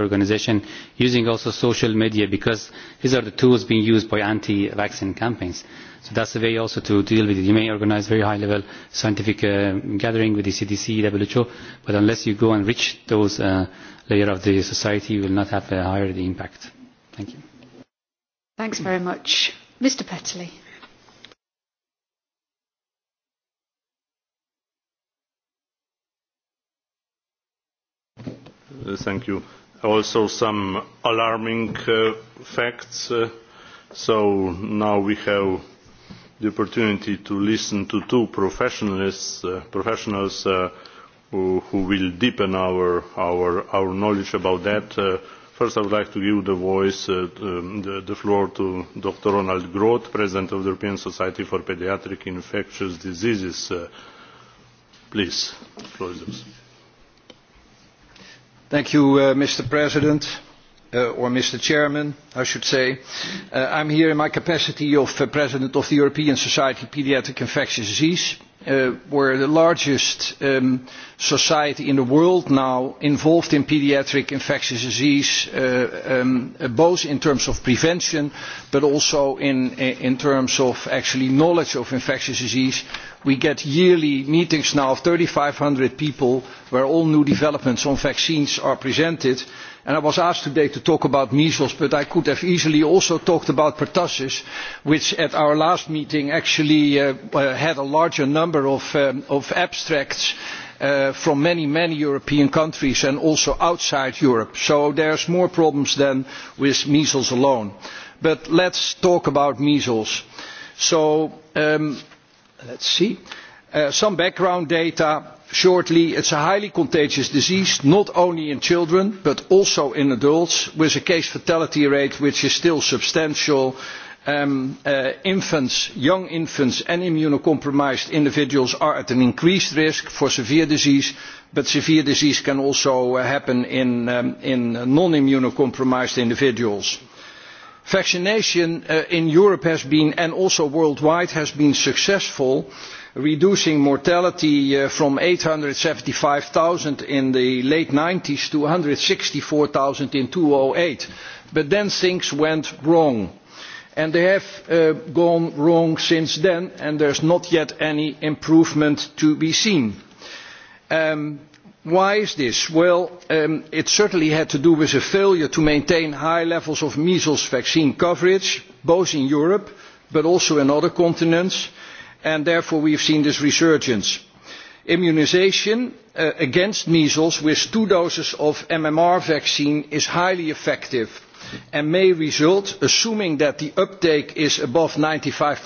organization using also social media because these are the tools being used by anti-vaccine campaigns. So that's a way also to deal with it. You may organise very high-level scientific uh, gathering with the CDC, WHO, but unless you go and reach those uh, layer of the society, you will not have a higher the impact. Thank you. Thanks very much. Mr. Petley. Thank you also some alarming facts. so now we have the opportunity to listen to two professionals, who, will deepen our, knowledge about that. first, I would like to give the voice, the, floor to Dr. Ronald Groth, President of the European Society for Pediatric Infectious Diseases. please, the floor is yours mr president or Mr. Chairman, I should say. I am here in my capacity of President of the European Society of Pediatric Infectious Disease. are the largest society in the world now involved in pediatric infectious disease, both in terms of prevention, but also in, terms of actually knowledge of infectious disease. We get yearly meetings now of five hundred people where all new developments on vaccines are presented And I was asked today to talk about measles, but I could have easily also talked about pertussis, which at our last meeting actually had a larger number of abstracts from many, many European countries and also outside Europe. So there are more problems than with measles alone. But let us talk about measles. So let us see. some background data shortly, it is a highly contagious disease, not only in children, but also in adults, with a case fatality rate which is still substantial. young infants and immunocompromised individuals are at an increased risk for severe disease, but severe disease can also happen in, non-immunocompromised individuals. Vaccination in Europe has been, and also worldwide, has been successful reducing mortality from eight hundred and seventy five 875,000 in the late ninety s to one hundred and sixty 164,000 in two thousand eight. But then things went wrong. And they have gone wrong since then, and there is not yet any improvement to be seen. Why is this? Well, it certainly had to do with a failure to maintain high levels of measles vaccine coverage, both in Europe but also in other continents and therefore we have seen this resurgence. Immunisation against measles with two doses of MMR vaccine is highly effective and may result, assuming that the uptake is above ninety five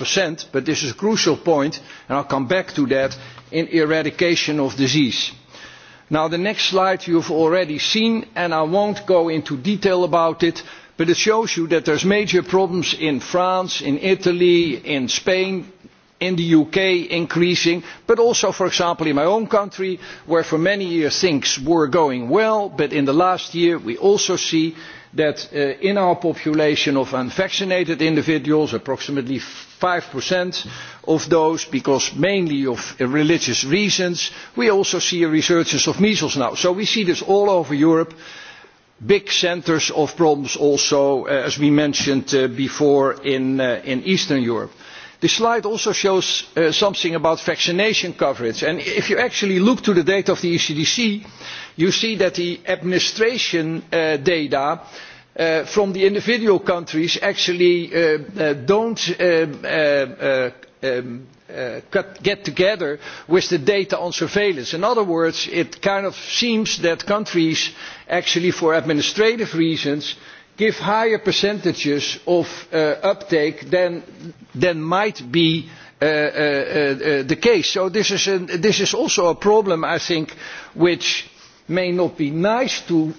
but this is a crucial point, and I will come back to that, in eradication of disease. the next slide you have already seen, and I will not go into detail about it, but it shows you that there are major problems in France, in Italy, in Spain, in the UK increasing, but also, for example, in my own country, where for many years things were going well, but in the last year we also see that in our population of unvaccinated individuals, approximately five of those, because mainly of religious reasons, we also see a resurgence of measles now. So we see this all over Europe big centres of problems also, as we mentioned before, in Eastern Europe. The slide also shows something about vaccination coverage. And if you actually look to the data of the ECDC, you see that the administration data from the individual countries actually do not get together with the data on surveillance. In other words, it kind of seems that countries actually for administrative reasons give higher percentages of uptake than might be the case. So this is also a problem, I think, which may not be nice to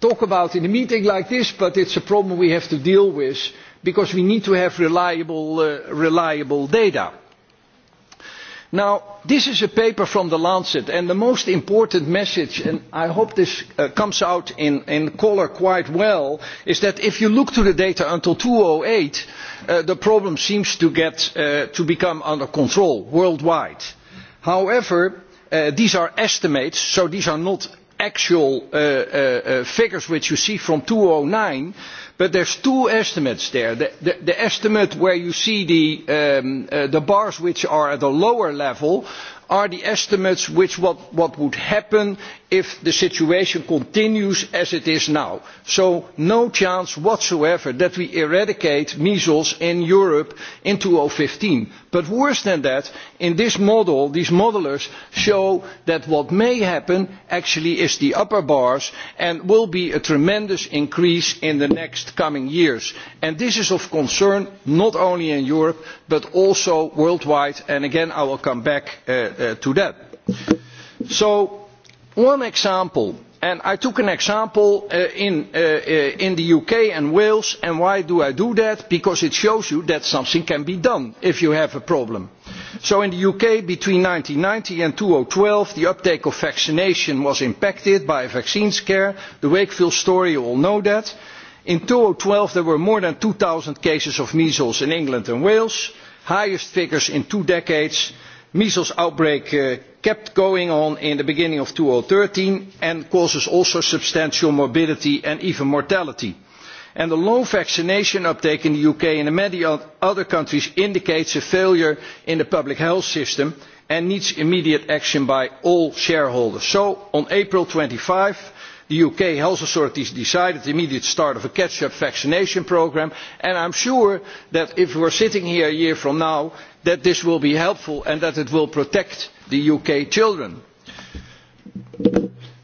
talk about in a meeting like this, but it is a problem we have to deal with because we need to have reliable data Now, this is a paper from The Lancet, and the most important message, and I hope this comes out in, colour quite well, is that if you look to the data until two and eight the problem seems to, become under control worldwide. However, these are estimates, so these are not actual figures which you see from two thousand nine But there's two estimates there. The estimate where you see the bars which are at a lower level are the estimates which what would happen if the situation continues as it is now. So no chance whatsoever that we eradicate measles in Europe in fifteen. But worse than that, in this model, these modellers show that what may happen actually is the upper bars and will be a tremendous increase in the next coming years. this is of concern not only in Europe but also worldwide. And again, I will come back to that. So one example and I took an example in, the UK and Wales, and why do I do that? Because it shows you that something can be done if you have a problem. So in the UK, between ninety and twelve, the uptake of vaccination was impacted by a vaccine scare. The Wakefield story, you all know that In twelve there were more than two thousand cases of measles in England and Wales, highest figures in two decades. Measles outbreak kept going on in the beginning of thirteen and causes also substantial morbidity and even mortality. And the low vaccination uptake in the UK and in many other countries indicates a failure in the public health system and needs immediate action by all shareholders. So on April twenty five the uk health authorities decided the immediate start of a catch up vaccination programme and i am sure that if we are sitting here a year from now this will be helpful and that it will protect the uk children.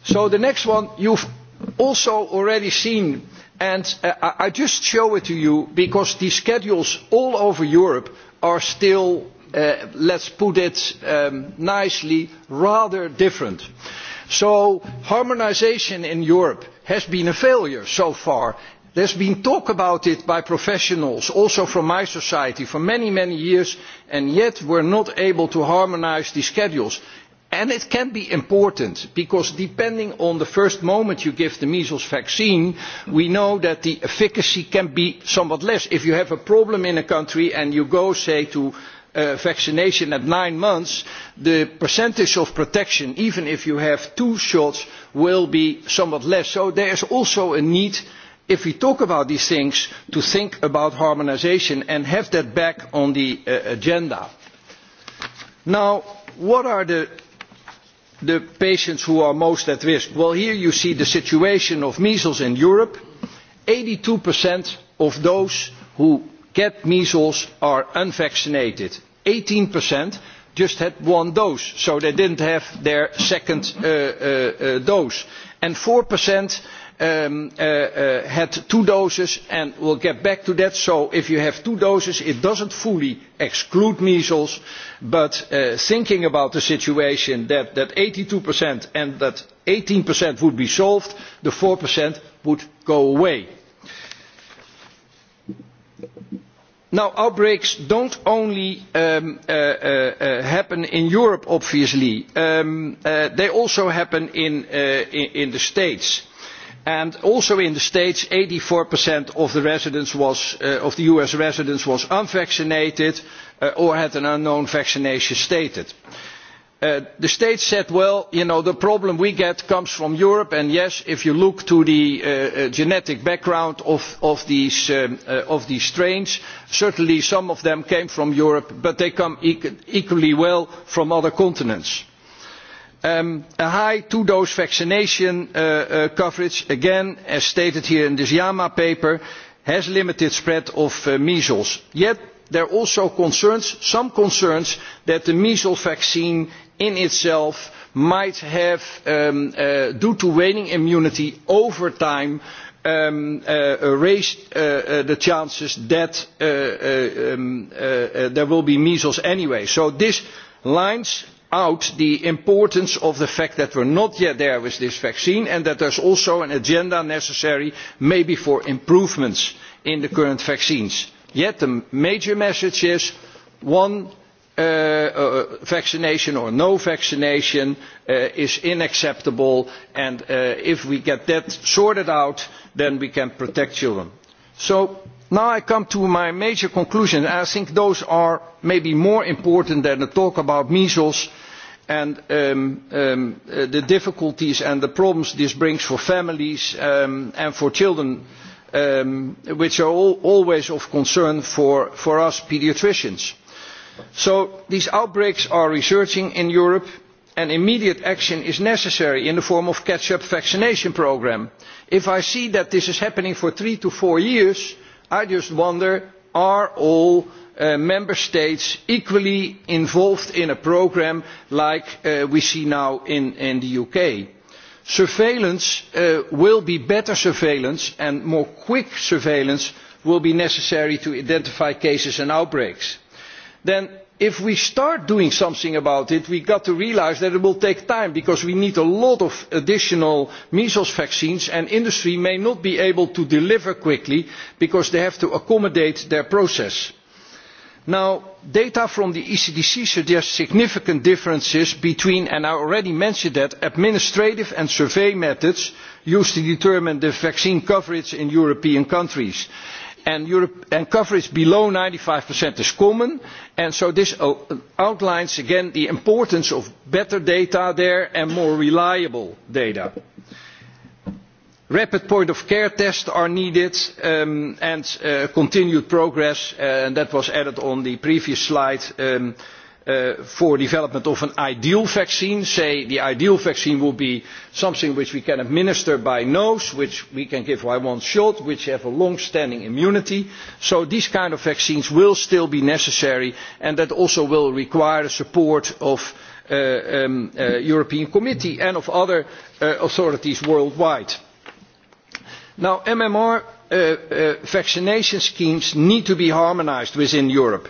so the next one you have also already seen and i just show it to you because the schedules all over europe are still let us put it nicely rather different. So harmonisation in Europe has been a failure so far. There has been talk about it by professionals, also from my society, for many, many years, and yet we are not able to harmonise the schedules. And it can be important because depending on the first moment you give the measles vaccine, we know that the efficacy can be somewhat less. If you have a problem in a country and you go, say, to vaccination at nine months, the percentage of protection, even if you have two shots, will be somewhat less. So there is also a need if we talk about these things, to think about harmonisation and have that back on the agenda. Now, what are the, patients who are most at risk? Well, here you see the situation of measles in Europe. eighty two of those who get measles are unvaccinated. 18% just had one dose, so they did not have their second dose. And 4% had two doses, and we will get back to that. So if you have two doses, it does not fully exclude measles, but thinking about the situation that, that 82% and that percent would be solved, the 4% would go away now outbreaks do not only happen in europe obviously they also happen in the states and also in the states eighty four of the us residents were unvaccinated or had an unknown vaccination status the states said well you know the problem we get comes from europe and yes if you look to the genetic background of these strains certainly some of them came from europe but they come equally well from other continents. a high two dose vaccination coverage again as stated here in this jama paper has limited spread of measles yet there are also concerns some concerns that the measles vaccine in itself might have, due to waning immunity over time, raised the chances that there will be measles anyway. So this lines out the importance of the fact that we are not yet there with this vaccine and that there is also an agenda necessary maybe for improvements in the current vaccines. Yet the major message is one vaccination or no vaccination is unacceptable and if we get that sorted out then we can protect children. so now i come to my major conclusion. and i think those are maybe more important than the talk about measles and the difficulties and the problems this brings for families and for children which are always of concern for us paediatricians so these outbreaks are resurging in europe and immediate action is necessary in the form of a catch up vaccination programme. if i see that this is happening for three to four years i just wonder are all member states equally involved in a programme like we see now in the uk? surveillance will be better surveillance and more quick surveillance will be necessary to identify cases and outbreaks then if we start doing something about it we have to realise that it will take time because we need a lot of additional measles vaccines and industry may not be able to deliver quickly because they have to accommodate their process. data from the ecdc suggests significant differences between and i already mentioned that administrative and survey methods used to determine the vaccine coverage in european countries and coverage below ninety five is common and so this outlines again the importance of better data there and more reliable data. rapid point of care tests are needed and continued progress and that was added on the previous slide for development of an ideal vaccine. Say the ideal vaccine will be something which we can administer by nose, which we can give by one shot, which have a long-standing immunity. So these kinds of vaccines will still be necessary, and that also will require the support of the European Committee and of other authorities worldwide. Now, MMR vaccination schemes need to be harmonised within Europe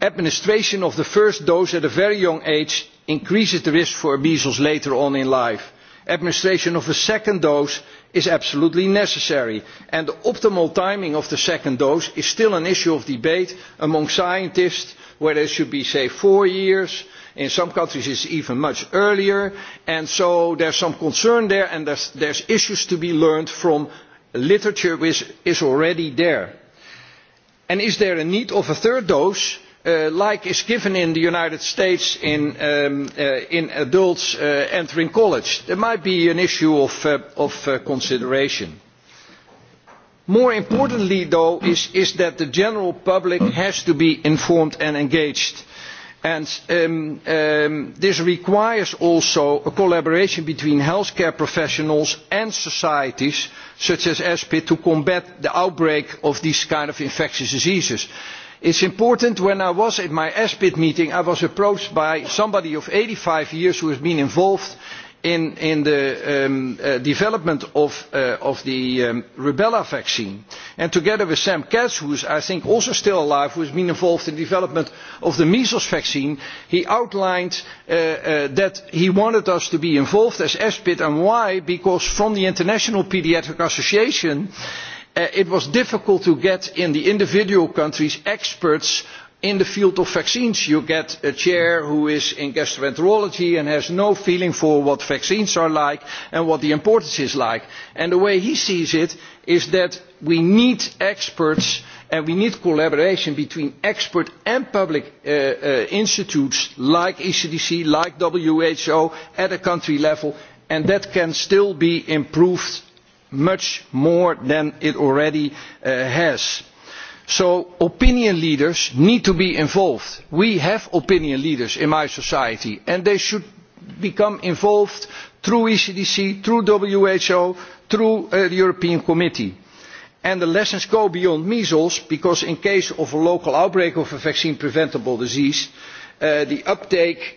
administration of the first dose at a very young age increases the risk for measles later on in life. administration of a second dose is absolutely necessary and the optimal timing of the second dose is still an issue of debate among scientists whether it should be say four years in some countries it is even much earlier and so there is some concern there and there are issues to be learned from literature which is already there. is there a need for a third dose? like is given in the united states in adults entering college. there might be an issue of consideration. more importantly though is that the general public has to be informed and engaged and this requires also a collaboration between healthcare professionals and societies such as espid to combat the outbreak of these kinds of infectious diseases it is important when i was at my aspid meeting i was approached by somebody of eighty five years who has been involved in the development of the rubella vaccine and together with sam katz who is i think also still alive who has been involved in the development of the measles vaccine he outlined that he wanted us to be involved as aspid and why because from the international paediatric association it was difficult to get in the individual countries experts in the field of vaccines. You get a chair who is in gastroenterology and has no feeling for what vaccines are like and what the importance is like. And the way he sees it is that we need experts and we need collaboration between expert and public institutes like ECDC, like WHO at a country level and that can still be improved much more than it already has. So opinion leaders need to be involved. We have opinion leaders in my society and they should become involved through ECDC, through WHO, through the European Committee. And the lessons go beyond measles because in case of a local outbreak of a vaccine preventable disease, the uptake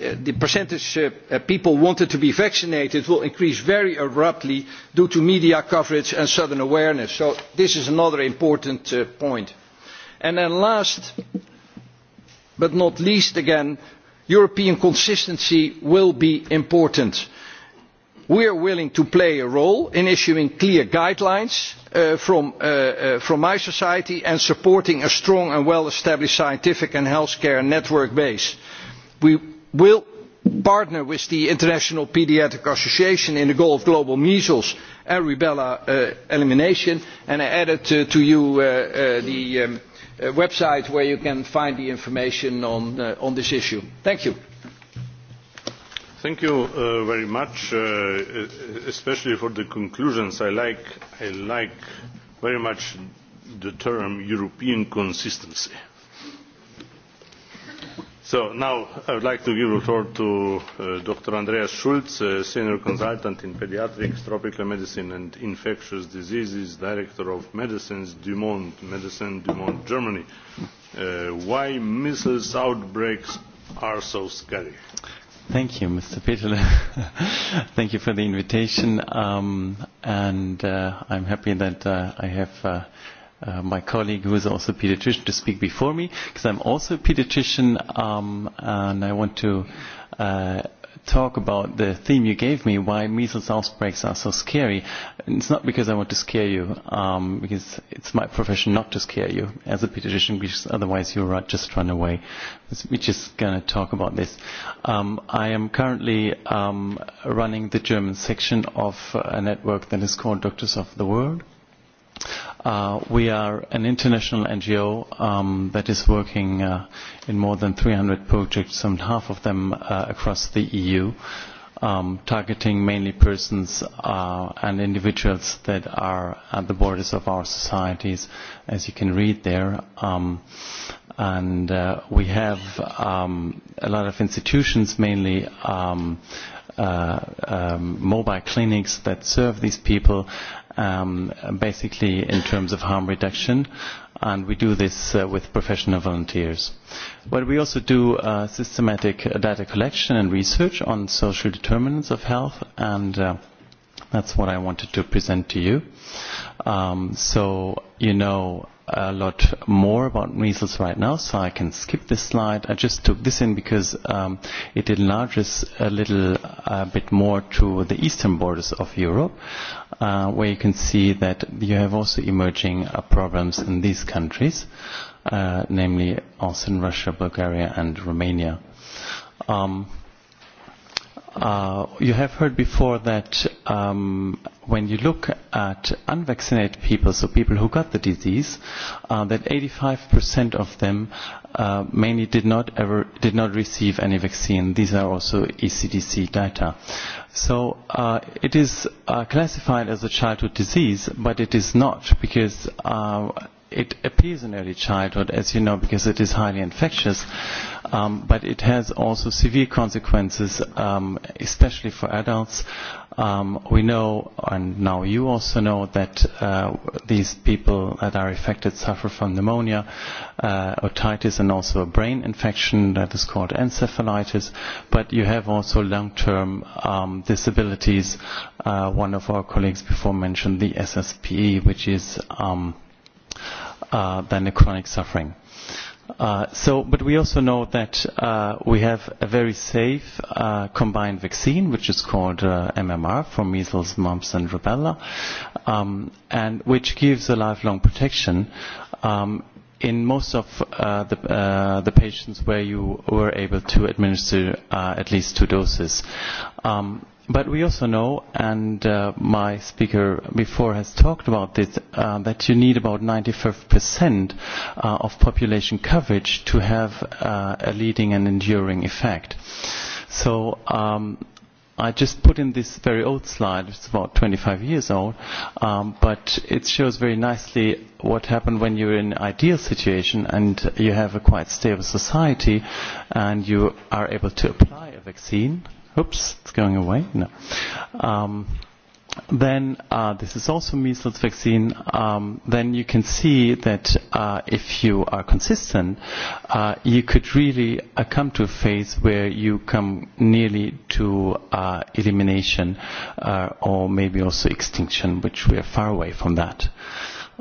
the percentage of people wanted to be vaccinated will increase very abruptly due to media coverage and sudden awareness. So this is another important point. And then last but not least again, European consistency will be important. We are willing to play a role in issuing clear guidelines from my society and supporting a strong and well-established scientific and healthcare network base will partner with the international paediatric association in the goal of global measles and rubella elimination and i added to you the website where you can find the information on this issue. thank you. thank you very much especially for the conclusions. i like very much the term european consistency' So now I would like to give the floor to Dr. Andreas Schulz, Senior Consultant in Pediatrics, Tropical Medicine and Infectious Diseases, Director of Medicines Dumont, Medicine Dumont, Germany. why measles outbreaks are so scary? Thank you, Mr. Peterle. Thank you for the invitation. Um, and uh, I'm happy that uh, I have uh, uh, my colleague who is also a pediatrician to speak before me because I'm also a pediatrician um, and I want to uh, talk about the theme you gave me, why measles outbreaks are so scary. And It's not because I want to scare you, um, because it's my profession not to scare you as a pediatrician, because otherwise you would just run away. We're just going to talk about this. Um, I am currently um, running the German section of a network that is called Doctors of the World Uh, we are an international NGO um, that is working uh, in more than 300 projects, and half of them uh, across the EU, um, targeting mainly persons uh, and individuals that are at the borders of our societies, as you can read there. Um, and uh, we have um, a lot of institutions, mainly. Um, uh, um, mobile clinics that serve these people um, basically in terms of harm reduction, and we do this uh, with professional volunteers. But we also do uh, systematic data collection and research on social determinants of health, and uh, that's what I wanted to present to you. Um, so you know a lot more about measles right now, so I can skip this slide. I just took this in because um, it enlarges a little a bit more to the eastern borders of Europe, uh, where you can see that you have also emerging uh, problems in these countries, uh, namely also in Russia, Bulgaria, and Romania. Um, uh, you have heard before that um, when you look at unvaccinated people, so people who got the disease, uh, that 85% of them uh, mainly did not ever did not receive any vaccine. These are also ECDC data. So uh, it is uh, classified as a childhood disease, but it is not because. Uh, it appears in early childhood, as you know, because it is highly infectious um, but it has also severe consequences, um, especially for adults. Um, we know, and now you also know, that uh, these people that are affected suffer from pneumonia, uh, otitis, and also a brain infection that is called encephalitis. But you have also long-term um, disabilities. Uh, one of our colleagues before mentioned the SSPE, which is um, uh, then a chronic suffering so, but we also know that uh, we have a very safe uh, combined vaccine, which is called uh, MMR for measles, mumps, and rubella, um, and which gives a lifelong protection um, in most of uh, the, uh, the patients where you were able to administer uh, at least two doses. Um, But we also know, and uh, my speaker before has talked about this, uh, that you need about 95% uh, of population coverage to have uh, a leading and enduring effect. So um, I just put in this very old slide, it's about 25 years old, um, but it shows very nicely what happened when you're in an ideal situation and you have a quite stable society and you are able to apply a vaccine Oops, it's going away. No. Um, then uh, this is also measles vaccine. Um, then you can see that uh, if you are consistent, uh, you could really uh, come to a phase where you come nearly to uh, elimination uh, or maybe also extinction, which we are far away from that.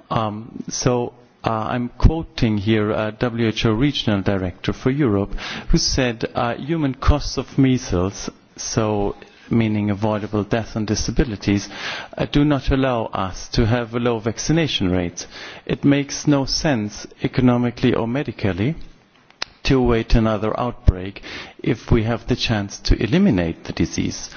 Um, so uh, I'm quoting here a WHO regional director for Europe who said uh, human costs of measles so meaning avoidable death and disabilities, uh, do not allow us to have a low vaccination rate. It makes no sense economically or medically to wait another outbreak if we have the chance to eliminate the disease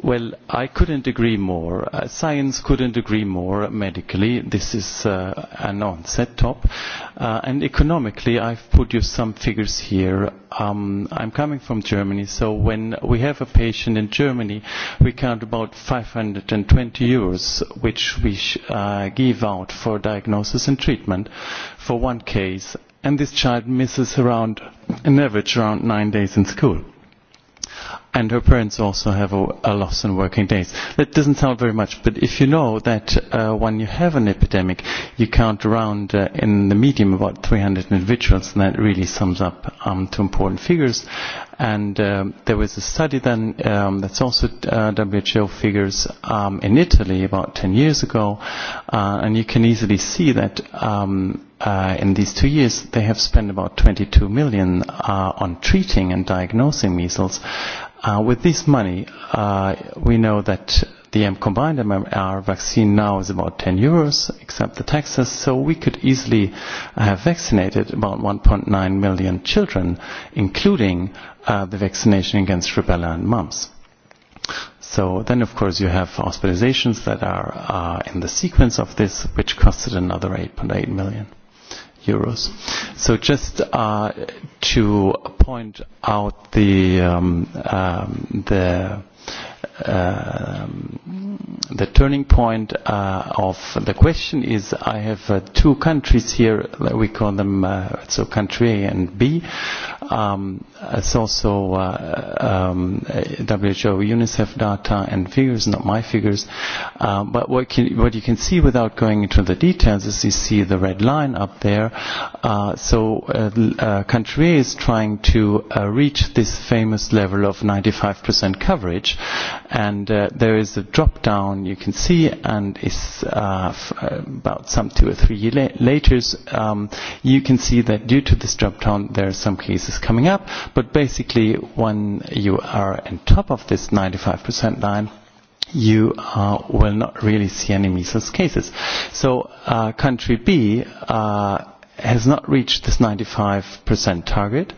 Well, I couldn't agree more. Uh, science couldn't agree more medically. This is uh, an onset top. Uh, and economically, I've put you some figures here. Um, I'm coming from Germany, so when we have a patient in Germany, we count about 520 euros, which we sh- uh, give out for diagnosis and treatment for one case. And this child misses around, an average around nine days in school and her parents also have a, a loss in working days. That doesn't sound very much, but if you know that uh, when you have an epidemic, you count around uh, in the medium about 300 individuals, and that really sums up um, to important figures. And um, there was a study then um, that's also uh, WHO figures um, in Italy about 10 years ago, uh, and you can easily see that um, uh, in these two years they have spent about 22 million uh, on treating and diagnosing measles Uh, with this money, uh, we know that the M combined MMR vaccine now is about 10 euros, except the taxes, so we could easily have vaccinated about 1.9 million children, including uh, the vaccination against rubella and mumps. So then, of course, you have hospitalizations that are uh, in the sequence of this, which costed another 8.8 million euros. So just uh, to point out the um, um, the the turning point uh, of the question is I have uh, two countries here, we call them uh, so country A and B. Um, it's also uh, um, WHO UNICEF data and figures, not my figures. Um, but what, can, what you can see without going into the details is you see the red line up there. Uh, so uh, uh, country A is trying to uh, reach this famous level of 95% coverage and uh, there is a drop down you can see and it's uh, f about some two or three years la later um, you can see that due to this drop down there are some cases coming up but basically when you are on top of this 95% line you uh, will not really see any measles cases. So uh, country B uh, has not reached this 95% target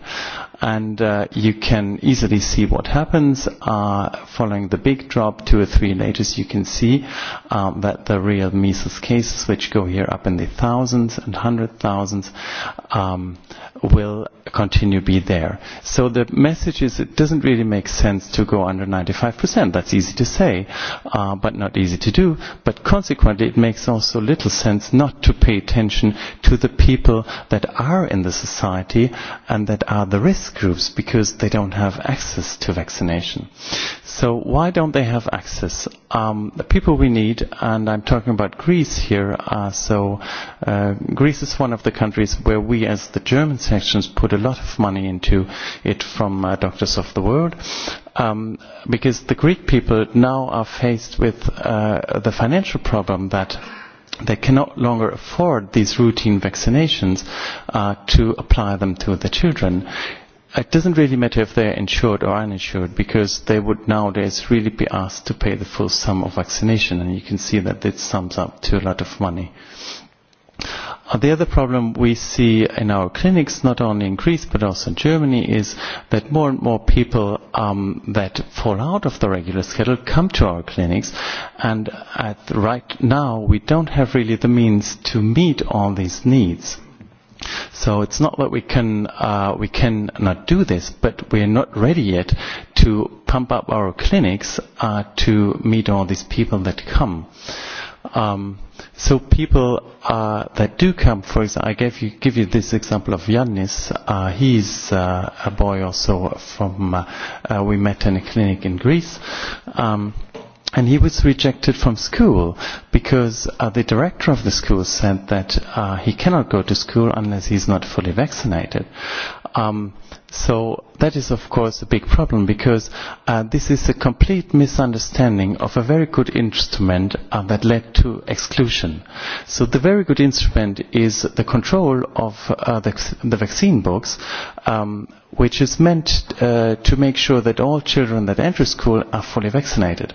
and uh, you can easily see what happens uh, following the big drop two or three latest you can see um, that the real measles cases which go here up in the thousands and hundred thousands um, will continue be there so the message is it doesn't really make sense to go under 95% that's easy to say uh, but not easy to do but consequently it makes also little sense not to pay attention to the people that are in the society and that are the risk groups because they don't have access to vaccination. So why don't they have access? Um, the people we need, and I'm talking about Greece here, uh, so uh, Greece is one of the countries where we as the German sections put a lot of money into it from uh, Doctors of the World um, because the Greek people now are faced with uh, the financial problem that they can no longer afford these routine vaccinations uh, to apply them to the children it doesn't really matter if they're insured or uninsured because they would nowadays really be asked to pay the full sum of vaccination and you can see that it sums up to a lot of money. The other problem we see in our clinics, not only in Greece but also in Germany, is that more and more people um, that fall out of the regular schedule come to our clinics, and at right now we don't have really the means to meet all these needs So it's not that we can uh, we can not do this, but we're not ready yet to pump up our clinics uh, to meet all these people that come. Um, so people uh, that do come, for example, I gave you, give you this example of Yannis. Uh, he's uh, a boy also from, uh, uh, we met in a clinic in Greece. Um, and he was rejected from school because uh, the director of the school said that uh, he cannot go to school unless he's not fully vaccinated. Um, so that is of course a big problem because uh, this is a complete misunderstanding of a very good instrument uh, that led to exclusion. So the very good instrument is the control of uh, the, the vaccine books, um, which is meant uh, to make sure that all children that enter school are fully vaccinated.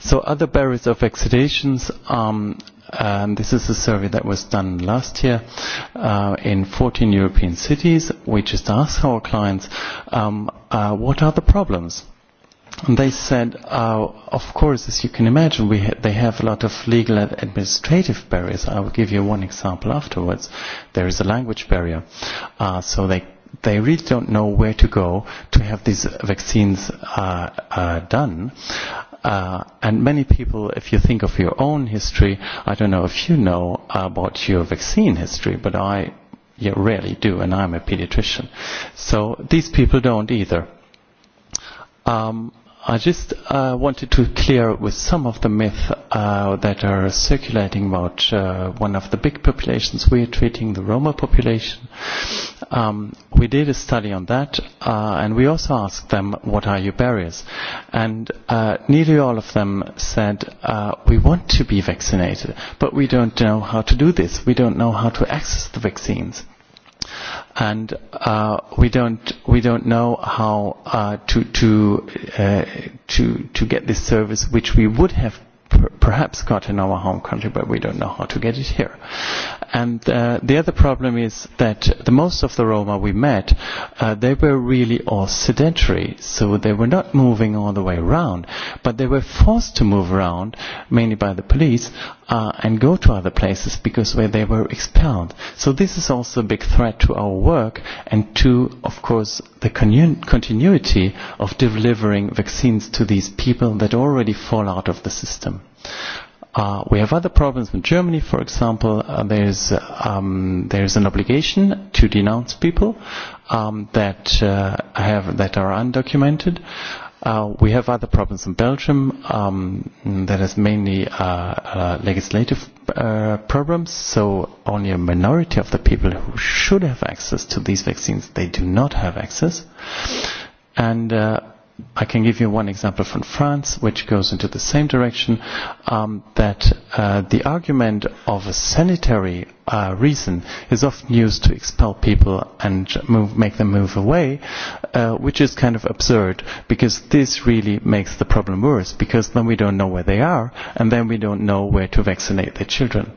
So other barriers of vaccinations, um, and this is a survey that was done last year uh, in 14 European cities. We just asked our clients, um, uh, what are the problems? And they said, uh, of course, as you can imagine, we ha- they have a lot of legal and administrative barriers. I will give you one example afterwards. There is a language barrier. Uh, so they they really don't know where to go to have these vaccines uh, uh, done. Uh, and many people, if you think of your own history, I don't know if you know about your vaccine history, but I you rarely do, and I'm a pediatrician. So these people don't either. Um, I just uh, wanted to clear with some of the myths uh, that are circulating about uh, one of the big populations we are treating, the Roma population. Um, we did a study on that, uh, and we also asked them, what are your barriers? And uh, nearly all of them said, uh, we want to be vaccinated, but we don't know how to do this. We don't know how to access the vaccines and uh, we don't we don't know how uh, to to uh, to to get this service, which we would have per perhaps got in our home country, but we don't know how to get it here. And uh, the other problem is that the most of the Roma we met, uh, they were really all sedentary, so they were not moving all the way around, but they were forced to move around, mainly by the police, uh, and go to other places because where they were expelled. So this is also a big threat to our work and to, of course, the continuity of delivering vaccines to these people that already fall out of the system. Uh, we have other problems in Germany, for example. Uh, there's um, there's an obligation to denounce people um, that uh, have that are undocumented. Uh, we have other problems in Belgium. Um, that is mainly uh, uh, legislative uh, problems. So only a minority of the people who should have access to these vaccines, they do not have access. And uh, I can give you one example from France, which goes into the same direction, um, that uh, the argument of a sanitary uh, reason is often used to expel people and move, make them move away, uh, which is kind of absurd because this really makes the problem worse because then we don't know where they are and then we don't know where to vaccinate their children.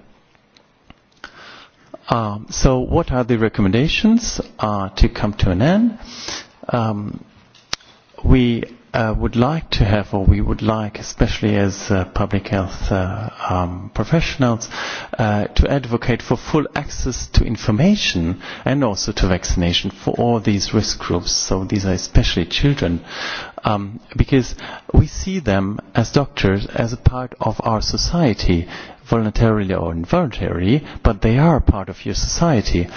Um, so what are the recommendations uh, to come to an end? Um, we uh, would like to have, or we would like, especially as uh, public health uh, um, professionals, uh, to advocate for full access to information and also to vaccination for all these risk groups. So these are especially children, um, because we see them as doctors as a part of our society voluntarily or involuntarily, but they are part of your society.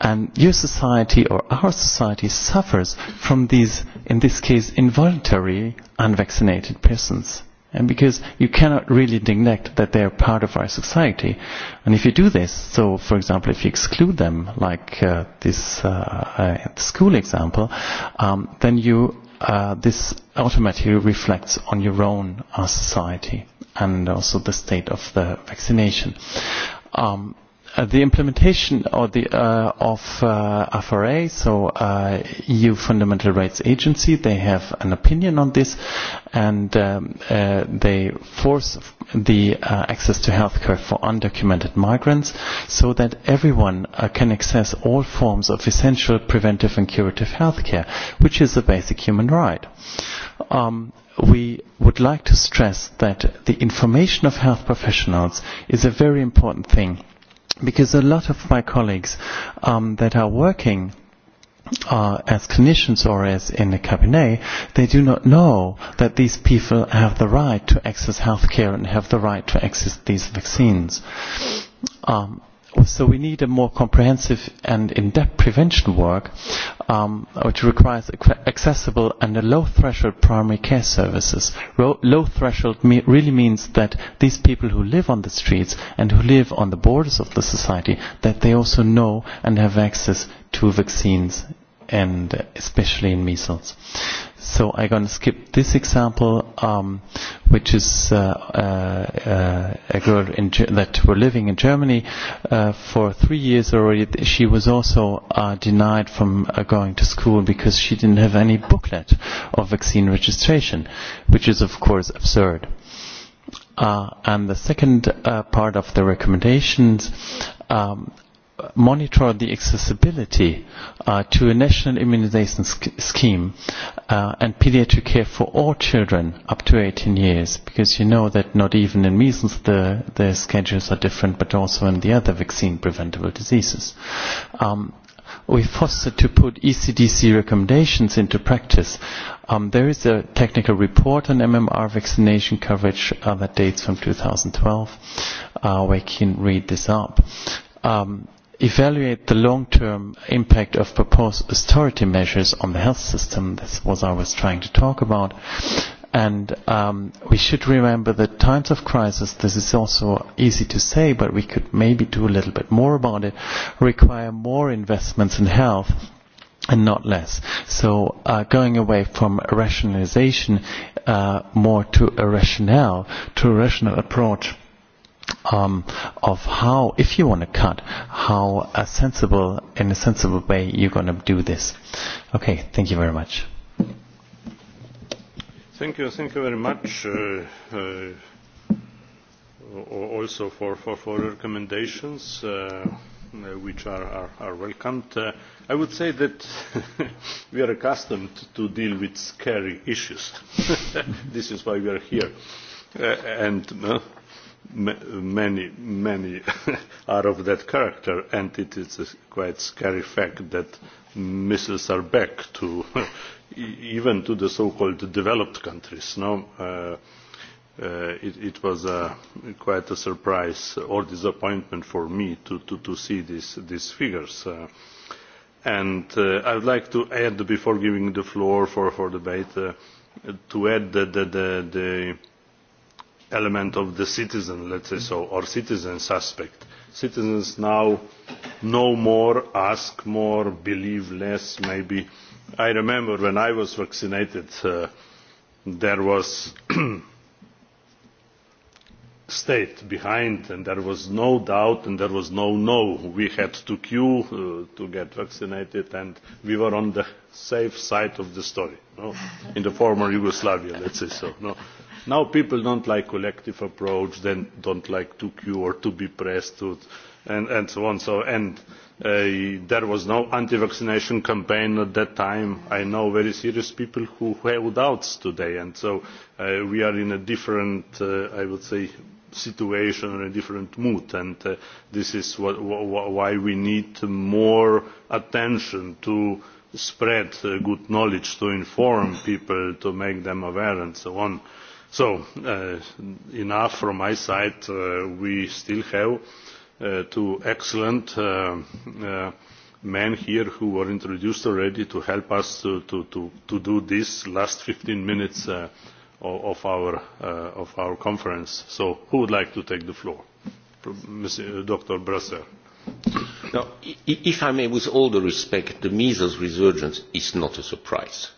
And your society or our society suffers from these, in this case, involuntary unvaccinated persons. And because you cannot really neglect that they are part of our society. And if you do this, so for example, if you exclude them, like uh, this uh, uh, school example, um, then you uh, this automatically reflects on your own uh, society and also the state of the vaccination. Um, the implementation of the uh, of uh, FRA, so uh, EU Fundamental Rights Agency, they have an opinion on this, and um, uh, they force the uh, access to healthcare for undocumented migrants, so that everyone uh, can access all forms of essential preventive and curative healthcare, which is a basic human right. Um, we would like to stress that the information of health professionals is a very important thing because a lot of my colleagues um, that are working uh, as clinicians or as in the cabinet, they do not know that these people have the right to access healthcare and have the right to access these vaccines. Um, So we need a more comprehensive and in-depth prevention work, um, which requires accessible and a low-threshold primary care services. Low-threshold really means that these people who live on the streets and who live on the borders of the society, that they also know and have access to vaccines and especially in measles. So I'm going to skip this example, um, which is uh, uh, a girl in Ge- that were living in Germany uh, for three years already. She was also uh, denied from uh, going to school because she didn't have any booklet of vaccine registration, which is of course absurd. Uh, and the second uh, part of the recommendations um, monitor the accessibility uh, to a national immunization sc- scheme uh, and pediatric care for all children up to 18 years, because you know that not even in measles the, the schedules are different, but also in the other vaccine preventable diseases. Um, we fostered to put ECDC recommendations into practice. Um, there is a technical report on MMR vaccination coverage uh, that dates from 2012, uh, we can read this up. Um, evaluate the long-term impact of proposed austerity measures on the health system. That's what I was trying to talk about. And um, we should remember that times of crisis, this is also easy to say, but we could maybe do a little bit more about it, require more investments in health and not less. So uh, going away from rationalization uh, more to a rationale, to a rational approach um, of how, if you want to cut, how a sensible, in a sensible way you're going to do this. Okay, thank you very much. Thank you, thank you very much. Uh, uh, also for, for, for recommendations uh, which are, are, are welcomed. Uh, I would say that we are accustomed to deal with scary issues. this is why we are here. Uh, and uh, many, many are of that character, and it is a quite scary fact that missiles are back to even to the so-called developed countries. No, uh, uh, it, it was a, quite a surprise or disappointment for me to, to, to see these, these figures. Uh, and uh, I would like to add, before giving the floor for, for debate, uh, to add that the, the, the element of the citizen, let's say so, or citizen suspect. Citizens now know more, ask more, believe less, maybe. I remember when I was vaccinated, uh, there was state behind and there was no doubt and there was no no. We had to queue uh, to get vaccinated and we were on the safe side of the story no? in the former Yugoslavia, let's say so. No? Now people don't like collective approach, do don't like to queue or to be pressed, and, and so on. and there was no anti-vaccination campaign at that time. I know very serious people who have doubts today, and so we are in a different, I would say, situation or a different mood and this is why we need more attention to spread good knowledge to inform people to make them aware and so on So enough from my side. We still have two excellent men here who were introduced already to help us to do this last fifteen minutes of our conference. So who would like to take the floor? Dr. Brasser. If I may, with all due respect, the measles resurgence is not a surprise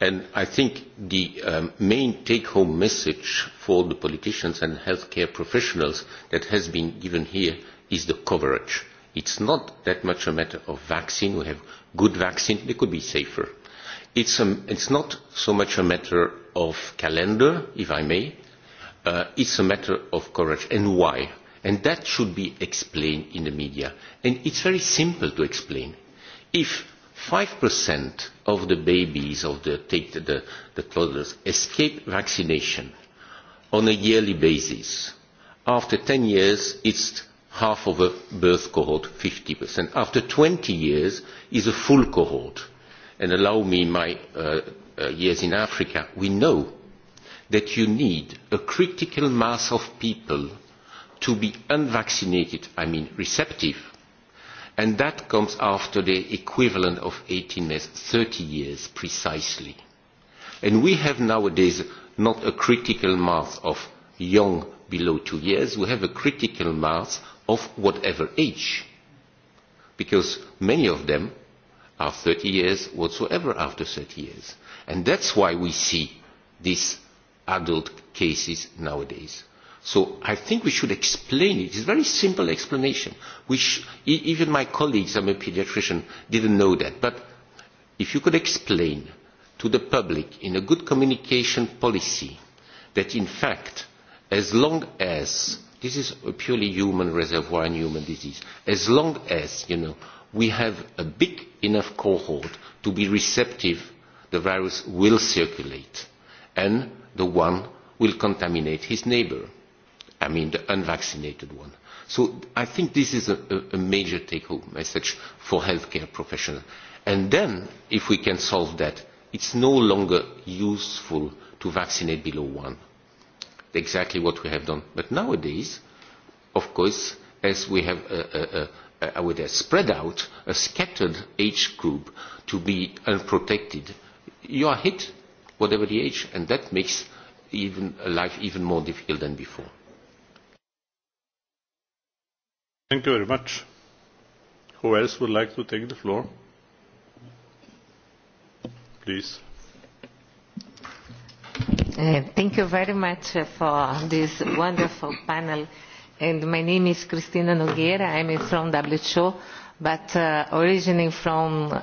And I think the um, main take-home message for the politicians and healthcare professionals that has been given here is the coverage. It's not that much a matter of vaccine. We have good vaccine. They could be safer. It's, um, it's not so much a matter of calendar, if I may. Uh, it's a matter of courage. And why? And that should be explained in the media. And it's very simple to explain. If 5% of the babies, of the, take the, the toddlers, escape vaccination on a yearly basis. After 10 years, it's half of a birth cohort, 50%. After 20 years is a full cohort. And allow me my uh, uh, years in Africa, we know that you need a critical mass of people to be unvaccinated, I mean receptive, and that comes after the equivalent of 18 years, 30 years precisely. And we have nowadays not a critical mass of young below two years, we have a critical mass of whatever age. Because many of them are 30 years whatsoever after 30 years. And that's why we see these adult cases nowadays. So I think we should explain it. It's a very simple explanation, which even my colleagues, I'm a pediatrician, didn't know that. But if you could explain to the public in a good communication policy that in fact, as long as this is a purely human reservoir and human disease, as long as, you know, we have a big enough cohort to be receptive, the virus will circulate and the one will contaminate his neighbor I mean the unvaccinated one. So I think this is a, a major take-home message for healthcare professionals. And then, if we can solve that, it's no longer useful to vaccinate below one. Exactly what we have done. But nowadays, of course, as we have a, a, a, I would have spread out a scattered age group to be unprotected, you are hit, whatever the age, and that makes even life even more difficult than before. Thank you very much. Who else would like to take the floor? Please. Uh, thank you very much for this wonderful panel. And my name is Cristina Nogueira. I'm from WHO but uh, originating from uh,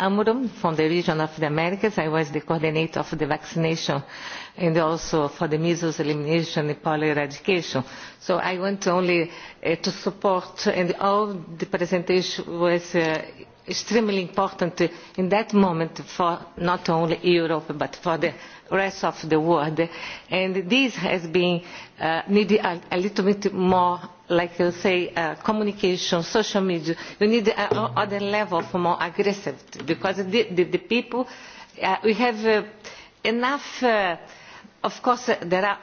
Amurum, from the region of the Americas, I was the coordinator of the vaccination and also for the measles elimination and polio eradication. So I want only uh, to support, and all the presentation was uh, extremely important in that moment for not only Europe but for the rest of the world. And this has been uh, needed a, a little bit more like you say, uh, communication, social media, you need another level of more aggressive because the, the, the people, uh, we have uh, enough, uh, of course, uh, there are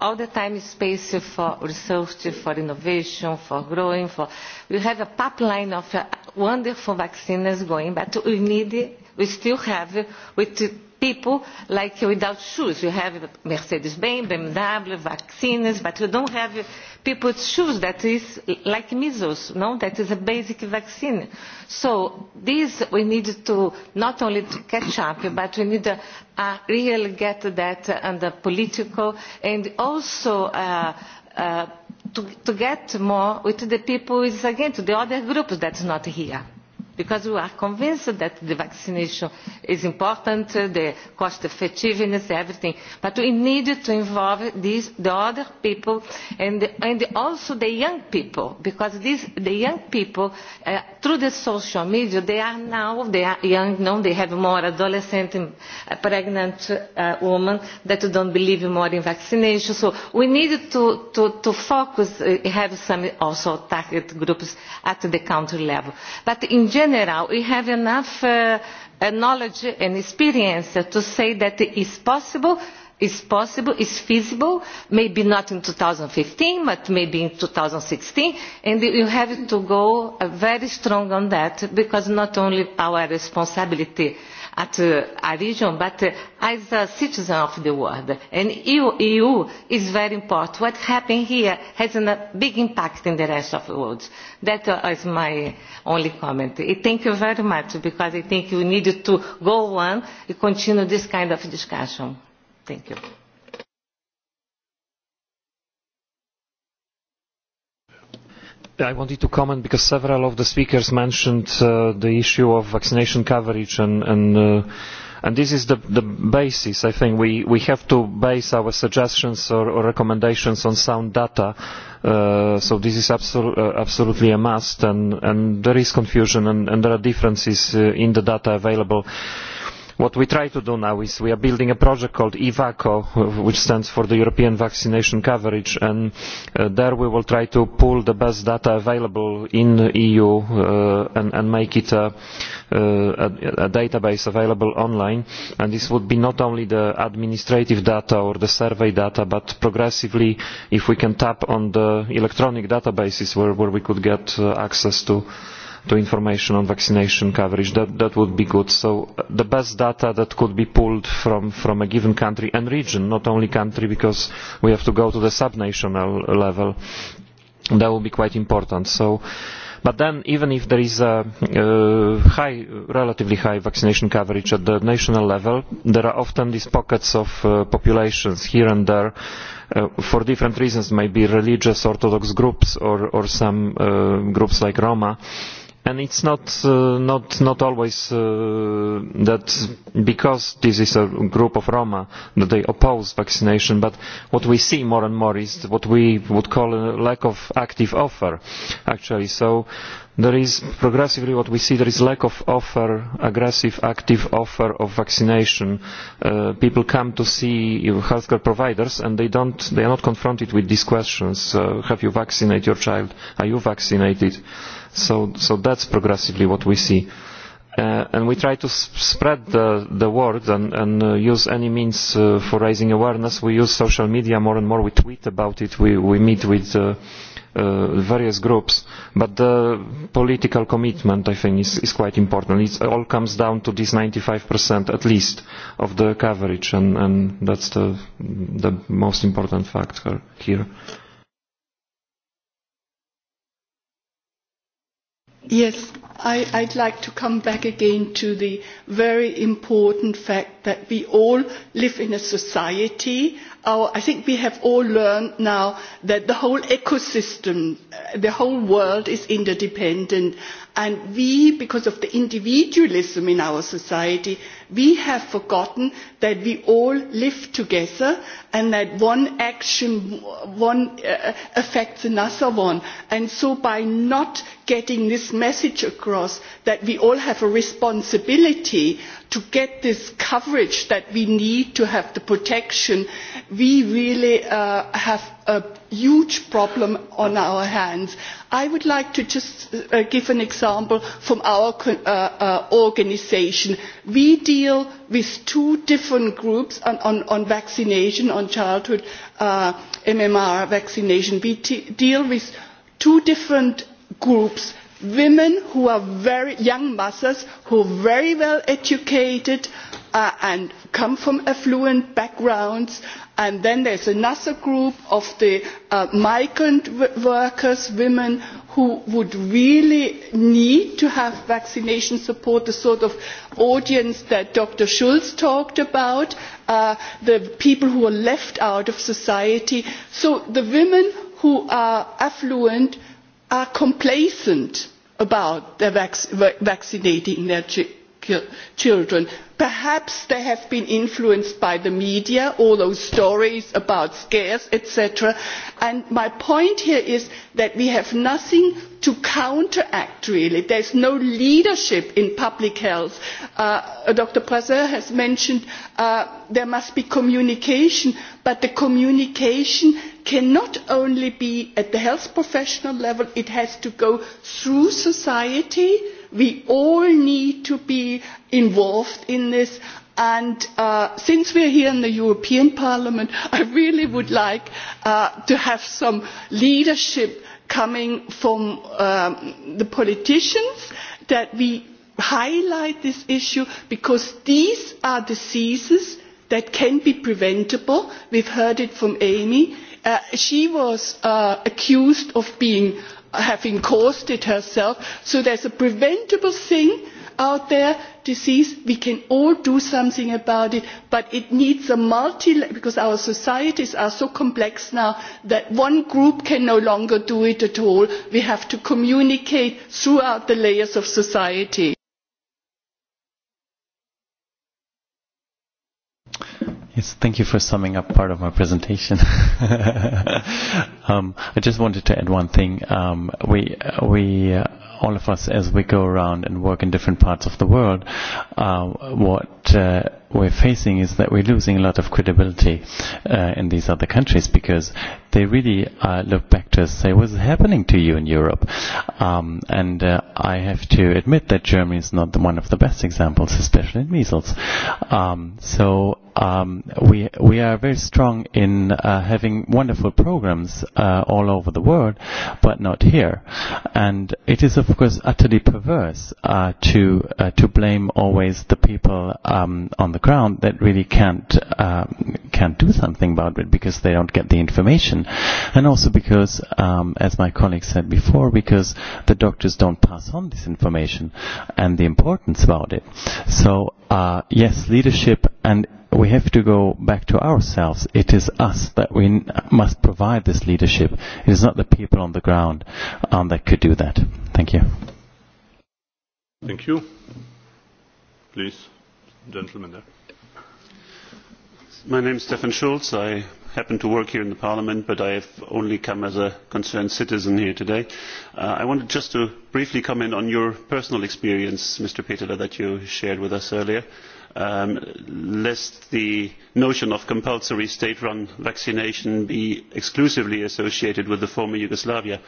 all the time space for research, for innovation, for growing, for, we have a pipeline of uh, wonderful vaccines going, but we need, we still have, with people like without shoes. You have Mercedes Benz, BMW, vaccines, but you don't have people with shoes that is like measles, no? That is a basic vaccine. So this we need to not only to catch up, but we need to uh, really get that under political and also uh, uh, to, to get more with the people is again to the other groups that's not here because we are convinced that the vaccination is important, the cost effectiveness, everything. But we need to involve these, the other people and, and also the young people, because these, the young people, uh, through the social media, they are now, they are young now, they have more adolescent and pregnant uh, women that don't believe more in vaccination. So we need to, to, to focus, uh, have some also target groups at the country level. But in general, general we have enough knowledge and experience to say that it is possible is possible is feasible maybe not in two thousand and fifteen but maybe in two thousand and sixteen and you have to go very strong on that because not only our responsibility at a region, but as a citizen of the world. And EU, EU is very important. What happens here has a big impact in the rest of the world. That is my only comment. thank you very much because I think you need to go on and continue this kind of discussion. Thank you. I wanted to comment because several of the speakers mentioned uh, the issue of vaccination coverage and, and uh, and this is the, the basis. I think we, we have to base our suggestions or, or recommendations on sound data. Uh, so this is absol- uh, absolutely a must, and, and there is confusion, and, and there are differences uh, in the data available. Uh, What we try to do now is we are building a project called EVACO, which stands for the European Vaccination Coverage, and there we will try to pull the best data available in the EU and, make it a, database available online. And this would be not only the administrative data or the survey data, but progressively, if we can tap on the electronic databases where, we could get access to to information on vaccination coverage. That, that would be good. So the best data that could be pulled from, from a given country and region, not only country, because we have to go to the subnational level. That would be quite important. So, but then even if there is a uh, high, relatively high vaccination coverage at the national level, there are often these pockets of uh, populations here and there for different reasons, maybe religious orthodox groups or, or some uh, groups like Roma, uh, and it's not uh, not not always uh, that because this is a group of Roma that they oppose vaccination, but what we see more and more is what we would call a lack of active offer, actually. So there is progressively what we see there is lack of offer, aggressive, active offer of vaccination. Uh, people come to see healthcare providers and they don't they are not confronted with these questions: uh, Have you vaccinated your child? Are you vaccinated? Uh, So, so that's progressively what we see. Uh, and we try to sp spread the, the word and, and uh, use any means uh, for raising awareness. We use social media more and more. We tweet about it. We, we meet with uh, uh, various groups. But the political commitment, I think, is, is quite important. It all comes down to this 95% at least of the coverage, and, and that's the, the most important factor here. Yes, I, I'd like to come back again to the very important fact that we all live in a society. Our, I think we have all learned now that the whole ecosystem, the whole world is interdependent. And we, because of the individualism in our society, we have forgotten that we all live together and that one action one affects another one and so by not getting this message across that we all have a responsibility to get this coverage that we need to have the protection we really have a huge problem on our hands. i would like to just give an example from our organisation. we deal with two different groups on vaccination on childhood mmr vaccination. we deal with two different groups women who are very young mothers who are very well educated and come from affluent backgrounds and then there is another group of the migrant workers women who would really need to have vaccination support the sort of audience that dr schulz talked about the people who are left out of society. so the women who are affluent are complacent about vaccinating their children. perhaps they have been influenced by the media all those stories about scares etc. my point here is that we have nothing to counteract really. there is no leadership in public health. dr brazil has mentioned there must be communication but the communication cannot only be at the health professional level it has to go through society we all need to be involved in this and since we are here in the european parliament i really would like to have some leadership coming from the politicians that we highlight this issue because these are diseases that can be preventable we have heard it from amy she was accused of being having caused it herself. So there is a preventable thing out there, disease. We can all do something about it, but it needs a multi, because our societies are so complex now that one group can no longer do it at all. We have to communicate throughout the layers of society Yes, thank you for summing up part of my presentation. um, I just wanted to add one thing. Um, we we uh, all of us, as we go around and work in different parts of the world, uh, what uh, we're facing is that we're losing a lot of credibility uh, in these other countries because they really uh, look back to us and say, what's happening to you in Europe? Um, and uh, I have to admit that Germany is not the, one of the best examples, especially in measles. Um, so um, we we are very strong in uh, having wonderful programs uh, all over the world, but not here. And it is of course utterly perverse uh, to uh, to blame always the people um, on the ground that really can't um, can't do something about it because they don't get the information, and also because, um, as my colleague said before, because the doctors don't pass on this information and the importance about it. So uh, yes, leadership and we have to go back to ourselves. It is us that we must provide this leadership. It is not the people on the ground um, that could do that. Thank you. Thank you. Please, gentlemen there. My name is Stefan Schulz. I happen to work here in the Parliament, but I have only come as a concerned citizen here today. Uh, I wanted just to briefly comment on your personal experience, Mr. Peter, that you shared with us earlier lest the notion of compulsory state run vaccination be exclusively associated with the former yugoslavia.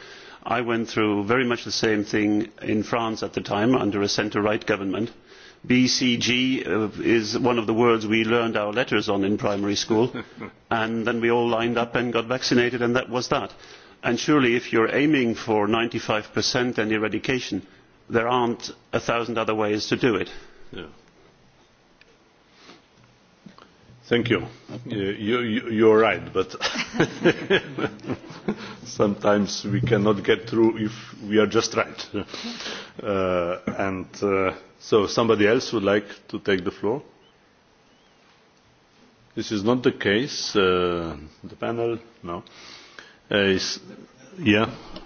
i went through very much the same thing in france at the time under a centre right government. bcg is one of the words we learned our letters on in primary school and then we all lined up and got vaccinated and that was that. surely if you are aiming for ninety five and eradication there are not a thousand other ways to do it Thank you. You, you. You're right, but sometimes we cannot get through if we are just right. Uh, and uh, so somebody else would like to take the floor? This is not the case. Uh, the panel, no. Uh, is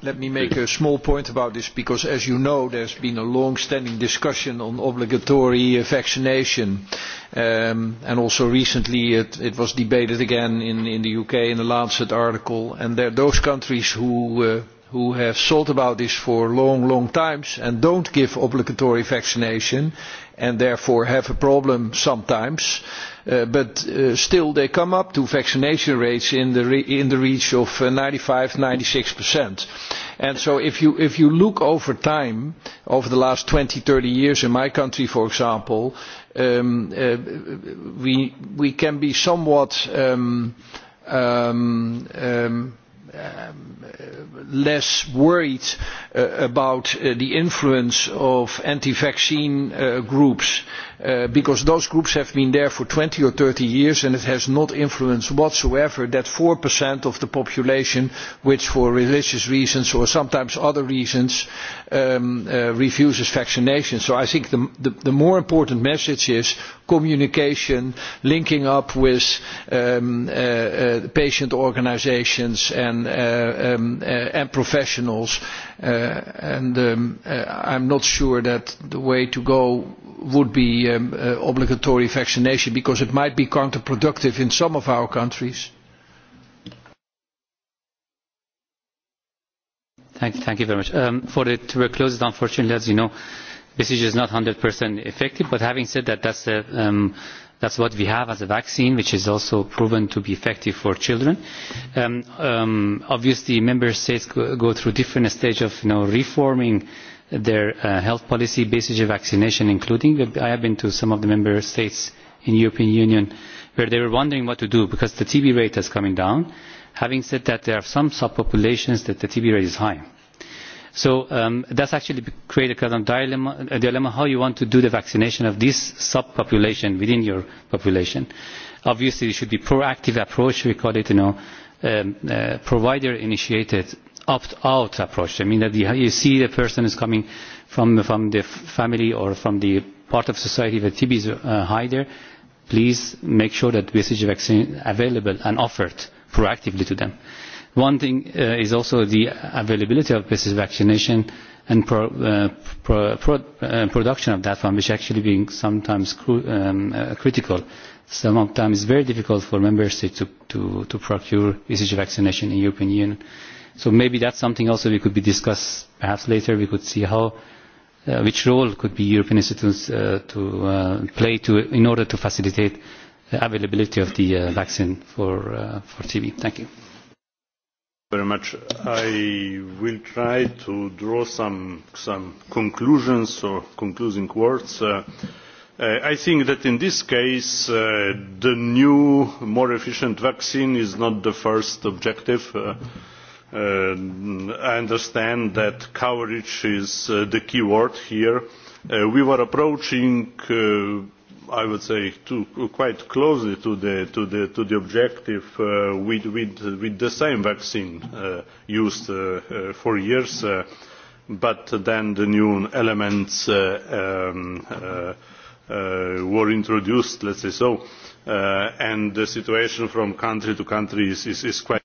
Let me make a small point about this because, as you know, there has been a long-standing discussion on obligatory vaccination, and also recently it, was debated again in, the UK in the Lancet article. And there, those countries who who have thought about this for long, long time and don't give obligatory vaccination and therefore have a problem sometimes. but still they come up to vaccination rates in the, re in the reach of uh, 95, 96%. And so if you, if you look over time, over the last 20, 30 years in my country, for example, um, uh, we, we can be somewhat um, um, um, less worried about the influence of anti-vaccine groups because those groups have been there for twenty or thirty years and it has not influenced whatsoever that 4% of the population which for religious reasons or sometimes other reasons refuses vaccination. So I think the, the, the more important message is communication, linking up with patient organisations and, and professionals and I am not sure that the way to go would be the obligatory vaccination because it might be counterproductive in some of our countries? Thank, you very much. for the tuberculosis, unfortunately, as you know, this is just not 100% effective. But having said that, that's, a, um, that's what we have as a vaccine, which is also proven to be effective for children. Um, um, obviously, member states go, go through different stages of you know, reforming uh, their uh, health policy, basis of vaccination including. I have been to some of the member states in the European Union where they were wondering what to do because the TB rate is coming down. Having said that, there are some subpopulations that the TB rate is high. So um, that's actually created a kind of dilemma, a dilemma how you want to do the vaccination of this subpopulation within your population. Obviously, it should be proactive approach. We call it, you know, um, uh, provider-initiated opt out approach. I mean that you, you see the person is coming from from the family or from the part of society that TB is uh, high there. Please make sure that BCG vaccine available and offered proactively to them. One thing uh, is also the availability of BCG vaccination and pro, uh, pro, pro, uh, production of that one, which actually being sometimes cru um, uh, critical. Sometimes it's very difficult for member states to, to, to procure BCG vaccination in the European Union So maybe that's something also we could be discuss perhaps later. We could see how, uh, which role could be European institutions uh, to uh, play to, in order to facilitate the availability of the uh, vaccine for, uh, for TB. Thank you. Very much. I will try to draw some, some conclusions or concluding words. Uh, uh I think that in this case, uh the new, more efficient vaccine is not the first objective. Uh, i understand that coverage is the key word here. we were approaching i would say quite closely to the objective with the same vaccine used for years but then the new elements were introduced let us say so and the situation from country to country is quite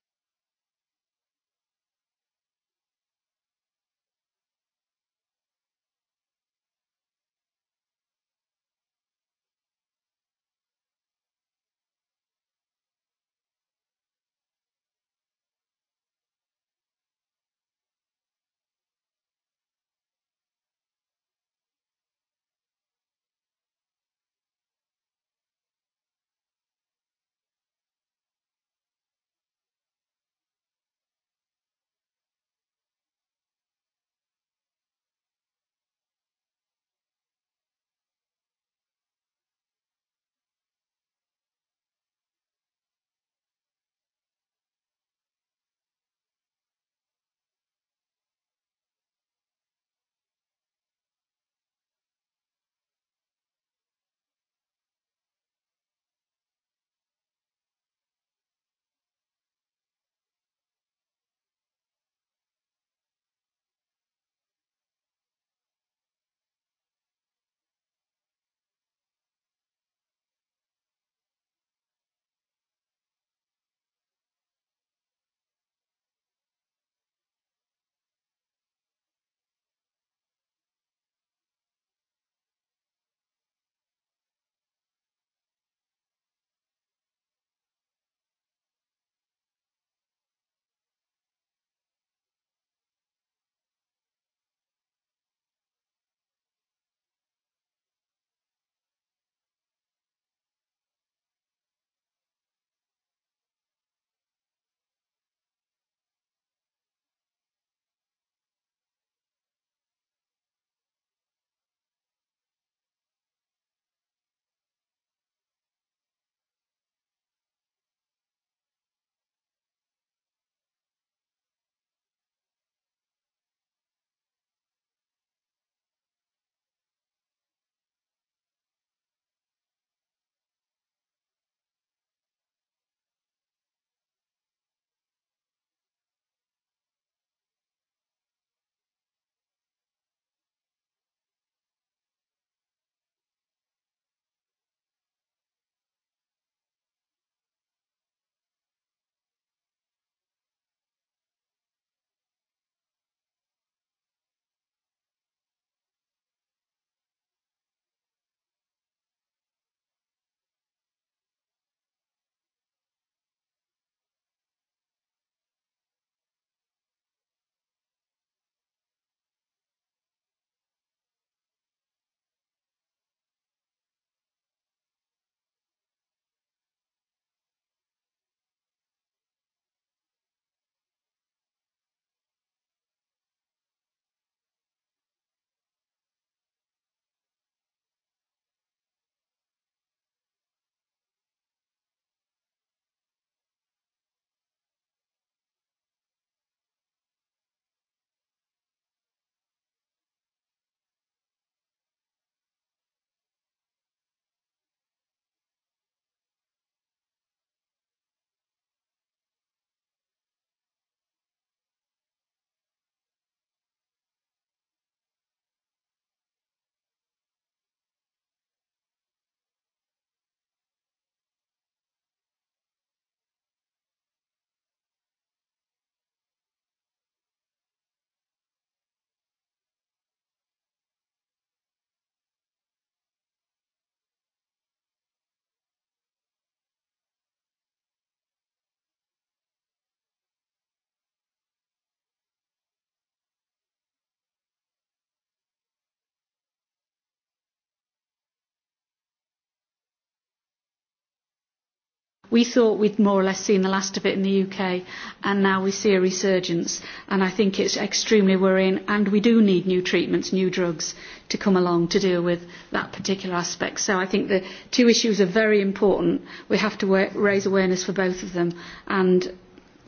We thought we'd more or less seen the last of it in the UK, and now we see a resurgence. And I think it's extremely worrying, and we do need new treatments, new drugs to come along to deal with that particular aspect. So I think the two issues are very important. We have to raise awareness for both of them, and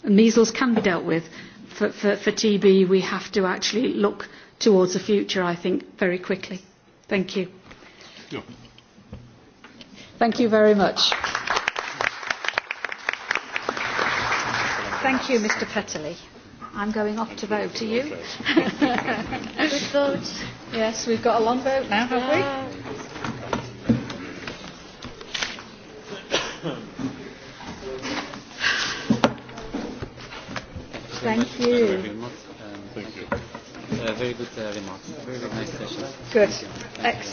measles can be dealt with. For, for, for TB, we have to actually look towards the future, I think, very quickly. Thank you. Yeah. Thank you very much. Thank you, Mr. Petterly. I'm going off to vote. Are you? Good vote. Yes, we've got a long vote now, have we? Thank you. Thank you. Uh, very good uh, remarks. Very good, nice session. Good. Excellent.